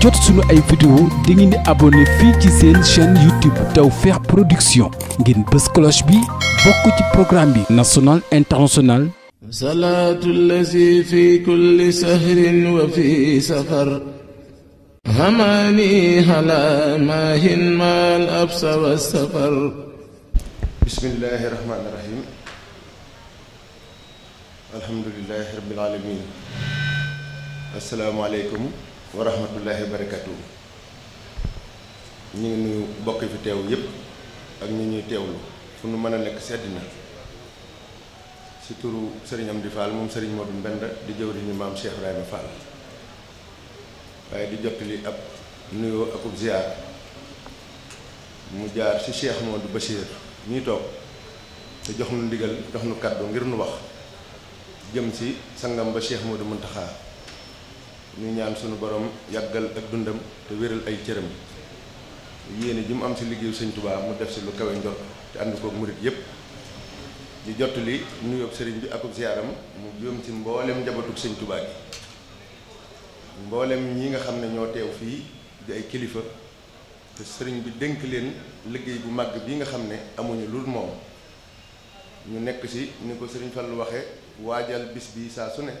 jot suñu ay vidéo da ngeen di fii ci seen chaîne YouTube Tawfekh Production ngeen bës cloche bi bokk ci programme bi national international salaatu llazi fi kulli sahrin wa fi safar hamani ala mahin mal absa wa safar bismillahi rahmani rahim alhamdulillahi rabbil alamin assalaamu aleykum wa rahmatullahi wa barakatuh ñu ngi nuyu bokk fi teew yépp ak ñi ñuy teewlu fu nu mën a nekk sedd na ci turu Serigne Amdi Fall moom Serigne Modou Mbenda di jëwriñu maam Cheikh Ibrahima Fall waaye di jottali ab nuyoo akub ziar mu jaar ci Cheikh Modou Bachir ñuy toog te jox nu ndigal jox nu kàddu ngir nu wax jëm si sangam ba Cheikh Modou Muntaxa ñu ñaan sunu borom yàggal ak dundam te wéral ay cëram yéene ji mu am si liggéeyu sëñ Tuubaa mu def si lu kawe njot te ànd kook murit yépp di jot li nuyoob sëriñ bi akub siyaaram mu jëm si mbooleem njabatug sëñ Tuubaa gi mboolem ñi nga xam ne ñoo teew fii di ay kilifa te sëriñ bi dénk leen liggéey bu màgg bi nga xam ne amuñu lul moom ñu nekk si ni ko sëriñ lu waxe waajal bis bi saa su ne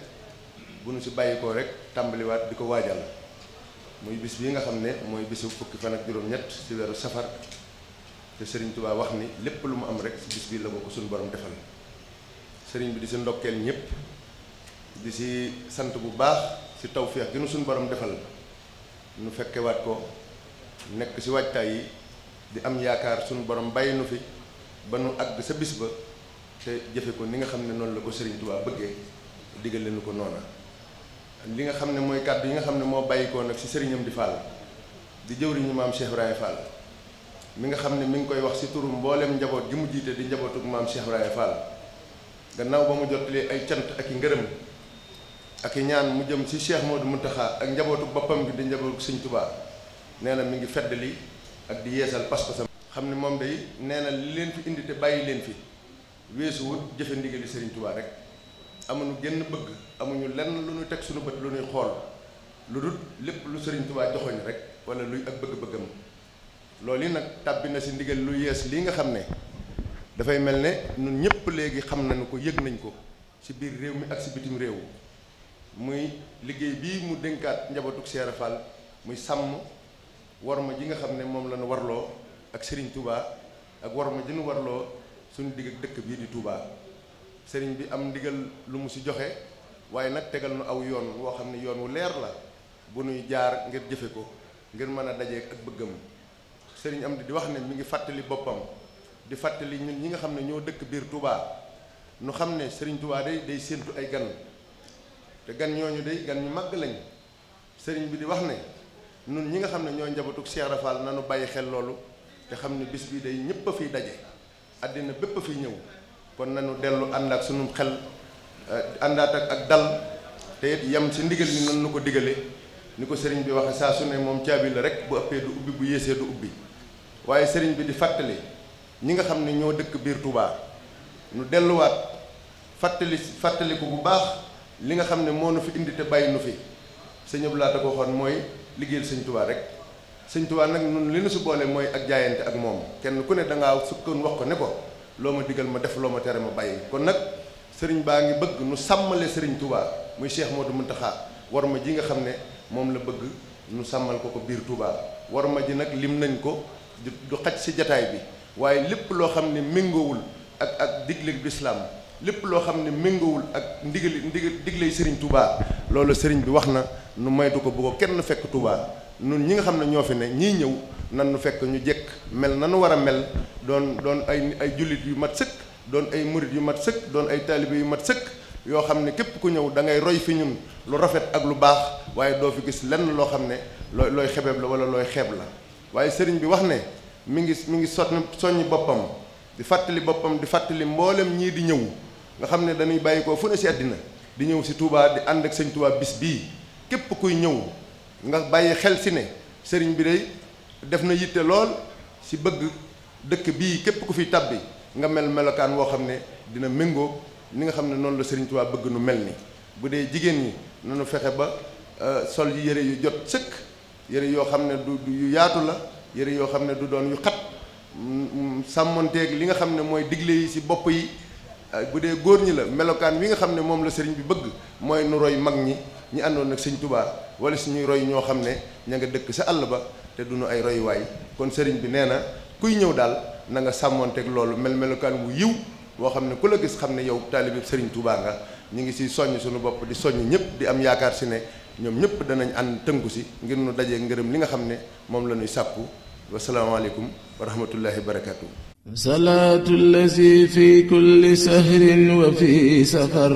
bu nu si bàyyikoo rek tàmbaliwaat di ko waajal muy bis bii nga xam ne mooy bisu fukki fan ak juróom-ñett si weeru safar te Serigne Touba wax ni lépp lu mu am rek si bis bii la ko suñu borom defal Serigne bi di si ndokkeel ñëpp di sant bu baax si tawféex gi nu suñu borom defal nu fekkewaat ko nekk si waajtaay yi di am yaakaar suñu borom bàyyi nu fi ba nu àgg sa bis ba te jëfe ko ni nga xam ne noonu la ko Serigne Touba bëggee digale nu ko noona li nga xam ne mooy kàddu yi nga xam ne moo bàyyikoo nag si sëriñam di Fall di jëw jëwriñu maam Cheikh Ibrahima Fall mi nga xam ne mi ngi koy wax ci turu mboolem njaboot gi mu jiite di njabootuk maam Cheikh Ibrahima Fall naw ba mu jottalee ay cant ak i ngërëm ak i ñaan mu jëm ci Cheikh mu Mountakha ak njabootuk boppam bi di njabootuk Sëñ Touba nee na mi ngi feddali ak di yeesal pas-pasam xam ne moom day nee na li leen fi indi te bàyyi leen fi weesu wut jëfe ndigali Sëriñ Touba rek amuñu génn bëgg amuñu lenn lu ñu teg suñu bët lu nuy xool lu dul lépp lu Sëriñ Tuubaa joxoñ rek wala luy ak bëgg-bëggam loolu yi nag tàbbi na si ndigal lu yees lii nga xam ne dafay mel ne ñun ñëpp léegi xam nañu ko yëg nañ ko si biir réew mi ak si bitim réew muy liggéey bii mu dénkaat njabootuk Seera Fall muy sàmm warma ji nga xam ne moom la warloo ak Sëriñ Tuubaa ak warma ji ñu warloo sunu digg ak dëkk bii di Tuubaa sëriñ bi am ndigal lu mu ci joxe waaye nag tegal nu aw yoon woo xam ne yoon wu leer la bu nuy jaar ngir jëfe ko ngir mën a daje ak bëggam sëriñ am di di wax ne mi ngi fàttali boppam di fàttali ñun ñi nga xam ne ñoo dëkk biir Touba nu xam ne sëriñ Touba day day séentu ay gan te gan ñooñu day gan ñu mag lañ sëriñ bi di wax ne nun ñi nga xam ne ñoo njabootug Cheikh Rafal nanu bàyyi xel loolu te xam ne bis bi day ñëpp a fiy daje àddina bépp a fiy ñëw kon nañu dellu ànd ak sunu xel eh, àndaat ak ak dal te it yem si ndigal ni noonu nu ko digale ni ko sëriñ bi waxe saa su ne moom caabi la rek bu ëppee du ubbi bu yéesee du ubbi waaye sëriñ bi di fàttali ñi nga xam ne ñoo dëkk biir Touba nu delluwaat fàttali fàttaliku bu baax li nga xam ne moo nu fi indi te bàyyi nu fi sëñ Abdou Lahad da ko waxoon mooy liggéeyal sëñ Touba rek sëñ Touba nag nun li nu si boole mooy ak jaayante ak moom kenn ku ne da ngaa sukkoon wax ko ne ko. loo ma digal ma def loo ma tere ma bàyyi kon nag sëriñ baa ngi bëgg nu sàmmale sëriñ Touba muy Cheikh Modou xaar war ma ji nga xam ne moom la bëgg nu sàmmal ko ko biir Touba war ma ji nag lim nañ ko du xaj si jataay bi waaye lépp loo xam ne méngoowul ak ak digle bi islaam lépp loo xam ne méngoowul ak ndigali ndigal digley sëriñ Touba loolu sëriñ bi wax na nu du ko bu ko kenn fekk Touba nun ñi nga xam ne ñoo fi ne ñii ñëw nan nu fekk ñu jekk mel nanu war a mel doon doon ay ay jullit yu mat sëkk doon ay murit yu mat sëkk doon ay taalibe yu mat sëkk yoo xam ne képp ku ñëw dangay roy fi ñun lu rafet ak lu baax waaye doo fi gis lenn loo xam ne looy looy xebeeb la wala looy xeeb la waaye sëriñ bi wax ne mi ngi mu ngi sot soññ boppam di fàttali boppam di fàttali mboolem ñii di ñëw nga xam ne dañuy bàyyi ko fu ne si àddina di ñëw si Touba di ànd ak sëñ Touba bis bii képp kuy ñëw nga bàyyi xel si ne sëriñ bi day def na yitte lool si bëgg dëkk bii képp ku fi tàbbi nga mel melokaan woo xam ne dina méngoo ni nga xam ne noonu la Serigne Touba bëgg nu mel ni bu dee jigéen ñi nanu fexe ba euh, sol yi yëre yu jot sëkk yére yoo xam ne du yu yaatu la yére yoo xam ne du doon yu xat mm, sàmmonteeg li nga xam ne mooy digle yi bopp yi euh, bu dee góor ñi la melokaan wi nga xam ne moom la sëriñ bi bëgg mooy nu roy mag ñi ñu àndoon ak sëñ Touba wala suñuy roy ñoo xam ne ña nga dëkk sa àll ba te du duñu ay royuwaay kon sëriñ bi nee na kuy ñëw daal na nga teg loolu mel melukaan wu yiw boo xam ne ku la gis xam ne yow taalibi Serigne Touba nga ñu ngi siy soññ sunu bopp di soññ ñëpp di am yaakaar si ne ñoom ñëpp danañ ànd tënku si ngir nu dajee ngërëm li nga xam ne moom la ñuy sàkku wasalaamaaleykum wa rahmatullahi wa barakaatu. salaatu lazi fi kulli sahrin wa fi safar.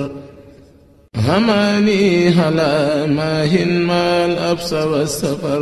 hamaani ala maahin maal absa wa safar.